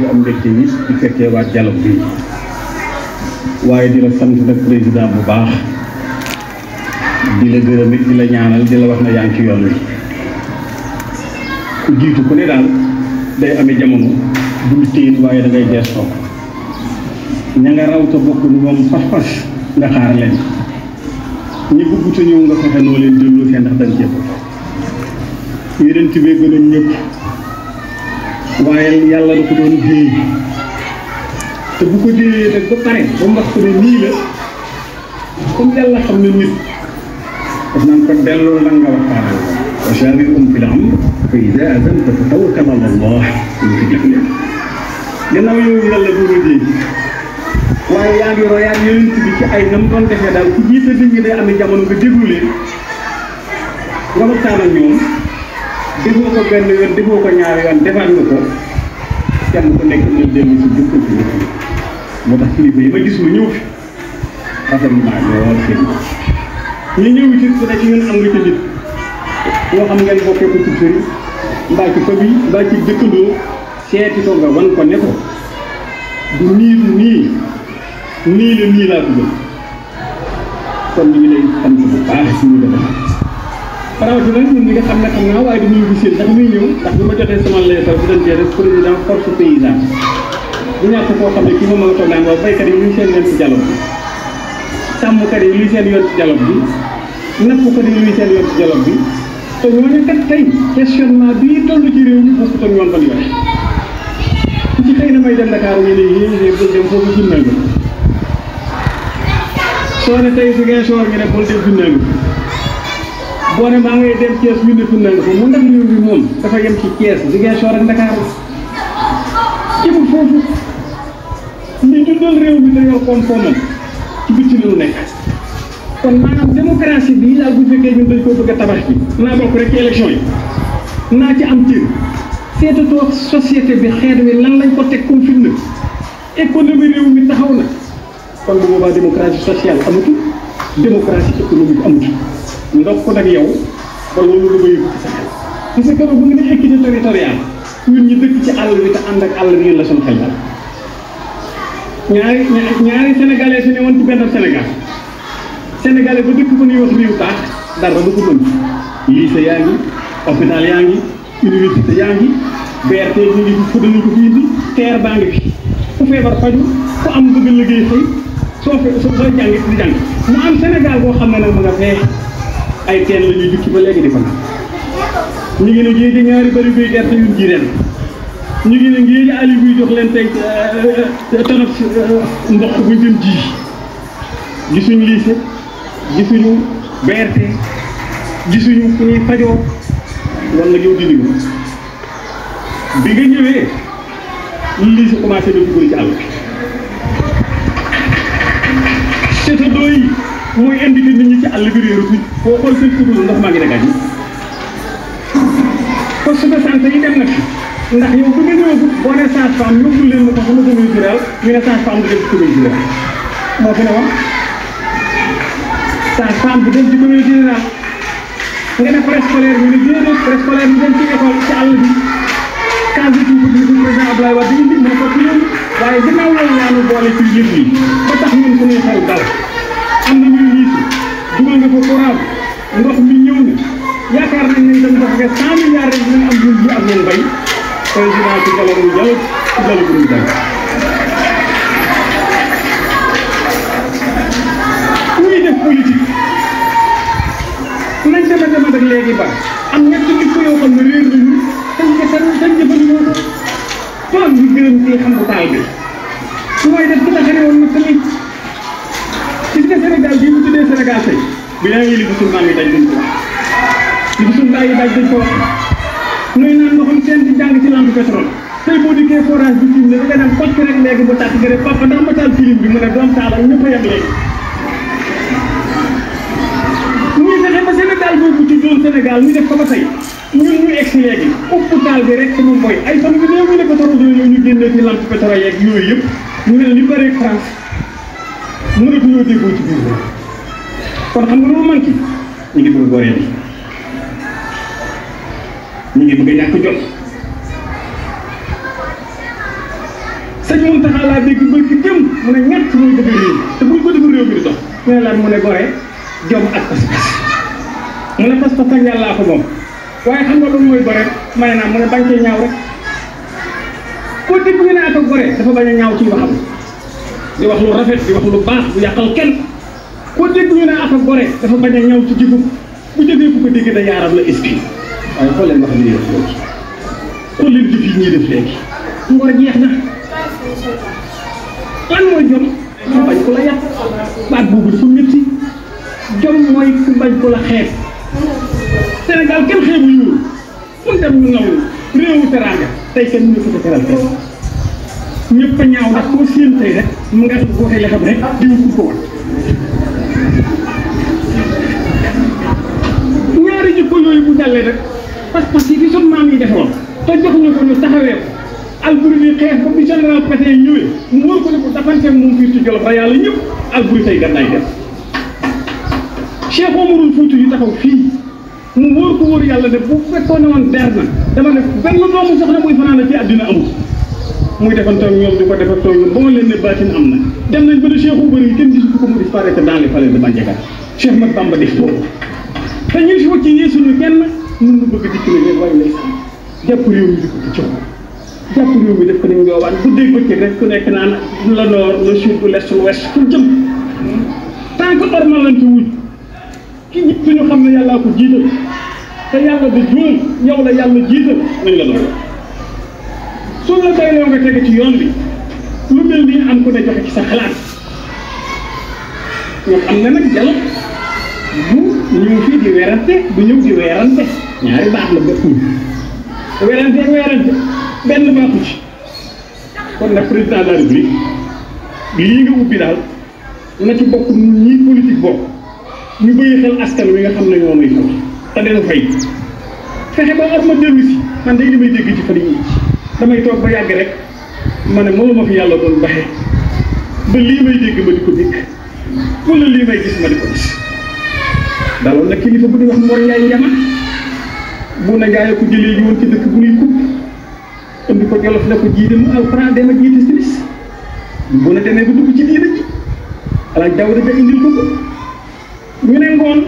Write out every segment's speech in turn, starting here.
ñu am mbégte yi di fekkee wa dialog bi waye di la sant nag président bu baax di la gërëm it di la ñaanal di la wax na yaang ci yoon wi ku jitu ku ne daal day amé jamono du téen waye da ngay déssok ña nga raw ta bokku ñu mom pas-pas nga xaar leen ñi bugg te ñëw nga fexe no leen jëllu fee ndax dañ ci yeneen tibee gënal ñëpp waaye yàlla da ko doon déey te bu ko déeyee nag ba pare ba mbax ko ne nii la comme yàlla xam ne nit daf naan ko delloo la nga waxtaan wa shaawirhum fil amr fa iza azamta fa tawakkal ala Allah gannaaw yow yàlla doo la waaye yaa ngi royaat yonent ay nam doon defee daal ku a nit ñi day amee jamono nga déglu leen nga waxtaan defoo ko benn yoon defoo ko ñaari yoon defal nga ko nekk na dellu si jukka bi moo tax kilifa yi ma gis lu ñëw fi rasamement lool seen ñu ñëw ci ku xam ngay bokkee ko ci sëriñ mbaa ci famille mbaa ci seeti ko nga wan ko ne ko du nii nii nii la nii laa ko kon ñu ngi lay sant bu baax si ñu defal rawatina ñun ñi nga xam ne xam naa waaye dañuy wisil ndax muy ñëw ndax bi ma joxee sama leetar bu doon jeex président force paysan bu ñàkk koo xam ne kii moom ma nga toog naan waaw béykat yi luy seen yoon ci dialogue bi sàmmkat yi luy ci dialogue bi nappkat yi ci dialogue bi te ñooñu kat tey questionnement bii toll ci réew mi bokk ak ñoom ban na may dem Dakar ñu ne yéen a dem foofu bi soo ne tey su ngeen soor ñu ne bul boo ne maa ngay dem Thiès ñu ne tunnel ko mu ndam ñun bi moom dafa yem ci Thiès Ziguinchor ak Dakar réew mi dañoo koom-koomam ci bitti lu nekk. kon maanaam bi daal bu fekkee ñun dañ koo naa rek ci élection yi naa ci am cër seetatoo société bi xeet lañ ko teg comme firnde économie réew mi taxaw na kon bu boobaa démocratie sociale amatul démocratie économique amatul. ndox ko nag yow ba loolu lu koy yëngu ci sa xel parce que bu ngeen di équité territoriale ñun ñu dëkk ci àll bi te ànd ak àll bi ngeen la suñu xel daal. ñaari ñaari sénégalais su ne woon ci benn Sénégal sénégalais ba dëkk ba ñuy wax réew taax dara du ko mën lycée yaa ngi hôpital yaa ngi université yaa ngi BRT ñu ngi fi danañ ko fi indi teer baa ngi fi ku feebar faju ku am bëgg liggéey xëy soo fe soo jàng di jàng mu am Sénégal boo xam ne nag mu nga fee. ay teen la ñuy jukki ba léegi di ko def ñu ngi ne ñii di ñaari bëri buy gerte yu ji ren ñu ngi ne ngii ali buy jox leen tey euh, euh, tanaf euh, ndox bu jëm ji gisuñu lycée gisuñu BRT gisuñu ku ñuy fajoo loolu nag yow dindi ko bi nga ñëwee lycée commencé na dugal ci àll bi. château muy indi nit ñi ci àll bi réeru tuñ boo xool seen tudd ndox maa ngi nekk ji poste de santé yi dem na fi ndax yow bu ngeen yóbbu boo ne sage femme yóbbu leen ma ko xam ne commune rural ñu ne sage femme du dem ci commune rural moo gën a wax sage femme du dem ci commune rural nga ne préscolaire ñu ne déedéet préscolaire ñu dem ci école ci àll bi case de tuuti bi président Abdoulaye Wade dañuy nit moo ko ci yéen waaye ginnaaw loolu boole ci yéen yi ba tax ñun suñuy xel dal am na ñu ngi wiitu dugal nga fa courant ndox mi ñëw na yaakaar nañ ne dañ ko fekkee cent milliards rek dinañ am ñun ñu am ñoom bay président ci jamono jàll ci jamono bu ñu jàll. ku ñuy def politique nañ dama dama rek léegi ba am ñetti nit ko yoo xam ne réer nañu dañ ko seen dañ ko bëri ñoo ko tool bi gërëm ci xam bu taay bi su may def bu tax a réewoon na tamit. Sénégal bii ñu tuddee Sénégal tey bi laa ngi li musulmaan yi daj dañ ko wax li musulmaan yi daj dañ ko wax nuy naan nga xam seen di jàng ci lampe pétrole tey boo dikkee forage bi tiim la nga dem xoj ko rek léegi ba tàkk gërëm papa ndax ma taal film bi mu ne doom taalal ñëpp a yem léegi muy fexe ba Sénégal boobu ci doon Sénégal ñu def ko ba tey ñun ñu egg si léegi ëpp taal bi rek moom mooy ay fan bi néew ñu ne pétrole yooyu ñu génne ci lampe pétrole yeeg yooyu yëpp ñu mel ni bëreeg France mënatuñoo déggoo ci biir boobu kon xam nga loolu manqué ñu ngi bëgg goreel ñu ngi bëgg ñàkk jot sëñ Mountakha laa dégg ba ci jëm mu ne ñett mooy dëgg réew te buñ ko dëgg réew bi di dox ne laan mu ne gore mu ne pas-pas ak yàllaa ko moom waaye xam ñaaw rek koo dégg ñu ne ak gore dafa bañ a ñaaw ci waxam di wax lu rafet di wax lu baax bu yàqal kenn ko dégg ñu ne aka gore dafa bañ a ñaw ci jikko bu jëfee ku ko dégg da yaaram la iski waaye xool leen wax li def léegi xool leen jëf yi ñuy def léegi ngor jeex na lan mooy jom ku bañ ku la yàq baat boobu dafa métti jom mooy ku bañ ku la xeeb Sénégal kenn xeebu ñuul mun dem ñu ngaw réewu teraanga tey kenn mënu ko teral kenn ñëpp a ñaaw ndax koo séen tey rek mu nga xam waxee la xam ne diw ku ko woon ñaari bu jàllee rek pas-pas yi fi sunu maam yi defoon te jox ñu ko bi xeex ba bi général Pétain mu wóor ko ne ko dafanteeg moom fii ci Jolof ba yàlla ñëpp Alboury tey gannaay def Cheikh Omarul Fuuti yu taxaw fii mu wóor ko wóor yàlla ne bu fekkoon ne woon der na dama ne benn doomu soxna muy fanaan ci àddina amul muy defantoog ñoom di ko defantoog ñoom ba ma leen ne baatin am na dem nañ ba ne Cheikh Oumar yi kenn gisu ko mu disparaître dans les palais de Bandiagara Cheikh Mat Bamba def boobu te ñu si wàcc yee suñu kenn ñun ñu bëgg dikk na leen waaye lay sàmm jàpp réew mi di ci coow jàpp réew mi def ko ni mu ngi waan guddee bëccëg rek ku nekk naan le nord le sud l'est l'ouest fu jëm tant que ormalante wuñ ki ñëpp ñu xam ne yàllaa ko jiital te yàlla da jóor yow la yàlla jiital nañ la doon su la doyloo nga teg ci yoon bi lu mel ni am ku ne joxe ci sa xalaat nga xam ne nag jalo bu ñëw fii di werante bu ñëw di werante ñaari baax la bëgg werante werante benn baaxu ci kon nag président de la république lii nga ubbi daal na ci bokk ñi politique bokk ñu bëyi xel askan wi nga xam ne ñoo may fal te dina fay fexe ba at dellu si man day damay dégg ci fan yi damay toog ba yàgg rek ma ne moom ma fi yàlla doon baxee ba lii may dégg ma di ko dégg wala lii may gis ma di ko gis daloon na kilifa bu di wax bu na gaay ko jëlee ji woon kub indi ko jolof ne ko jiite mu alxuraan dema jiite sinis bu na demee ba dugg ci diina ji alaaj daw da indil ko ko ñu ne ngoon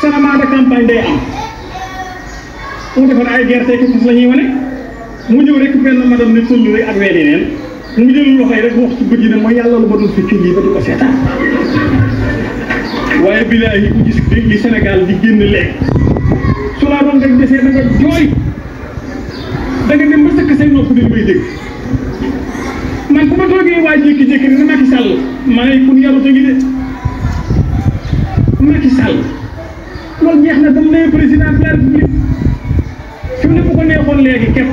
changement de campagne day am mu defar ay gerte ki fas la ñuy mu ñëw rek benn madame ne sëñ bi ak weeni neen mu jël loxo yi rek wax ci bët yi ma yàlla lu ma doon fekkee lii ba di ko seetaan waaye billaahi ku gis li Sénégal di génn léegi su laa doon rek desee da nga jooy da nga dem ba sëkk say nopp dañ may dégg man bu ma toogee waa jékki-jékki ne Macky Sall maa ngi kun ne président de la République fi ne bu ko neexoon léegi képp